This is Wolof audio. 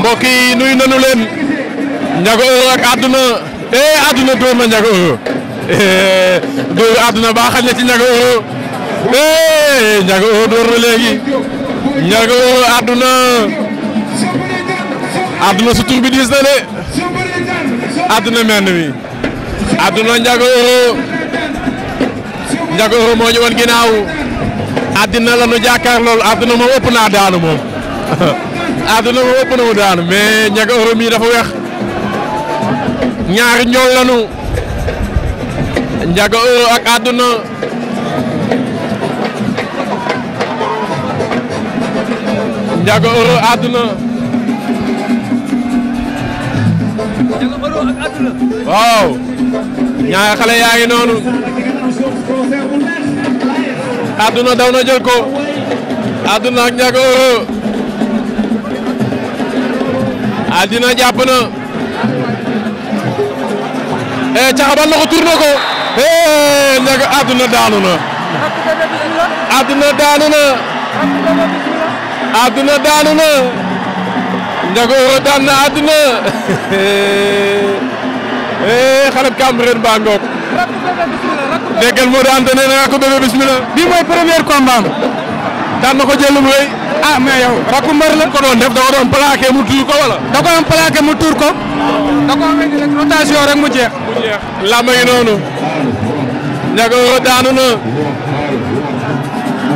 mbokk yi nuyu leen Ndiago Euro ak àdduna eh àdduna dóor na Ndiago Euro eh, dóor àdduna ba xañ na ci Ndiago Euro eh Ndiago Euro dóor léegi Ndiago Euro àdduna àdduna su tur bi diis na de àdduna menn mi àdduna Ndiago Euro Ndiago Euro moo wan ginnaaw àddina la nu jàkkaar lool àdduna moom ëpp naa daanu moom. àdduna bi ëpp na mu daanu mais ñaga Europe yi dafa weex ñaari ñool lanu ñaga euro ak àdduna waaw ñaari xale yaa ngi noonu àdduna daw na jël ko àdduna ak Aldina jàpp na eh caxabal na ko tur na ko eh nag àdduna daanu na. àdduna na. daanu na. Ndiago Euro daan na àdduna eh xale bu Cambérène baa ngoog. déggal moo daan te nee na nga ko bébé bismillah. bii mooy premier combat daan na ko jël lu rëy ah mais yow rakku mbër la ko doon def da ko doon plaqué mu tuur ko wala da ko doon plaqué mu tuur ko da ko wéy rek rotation rek mu jeex mu jeex làmb yi noonu ñaga daanu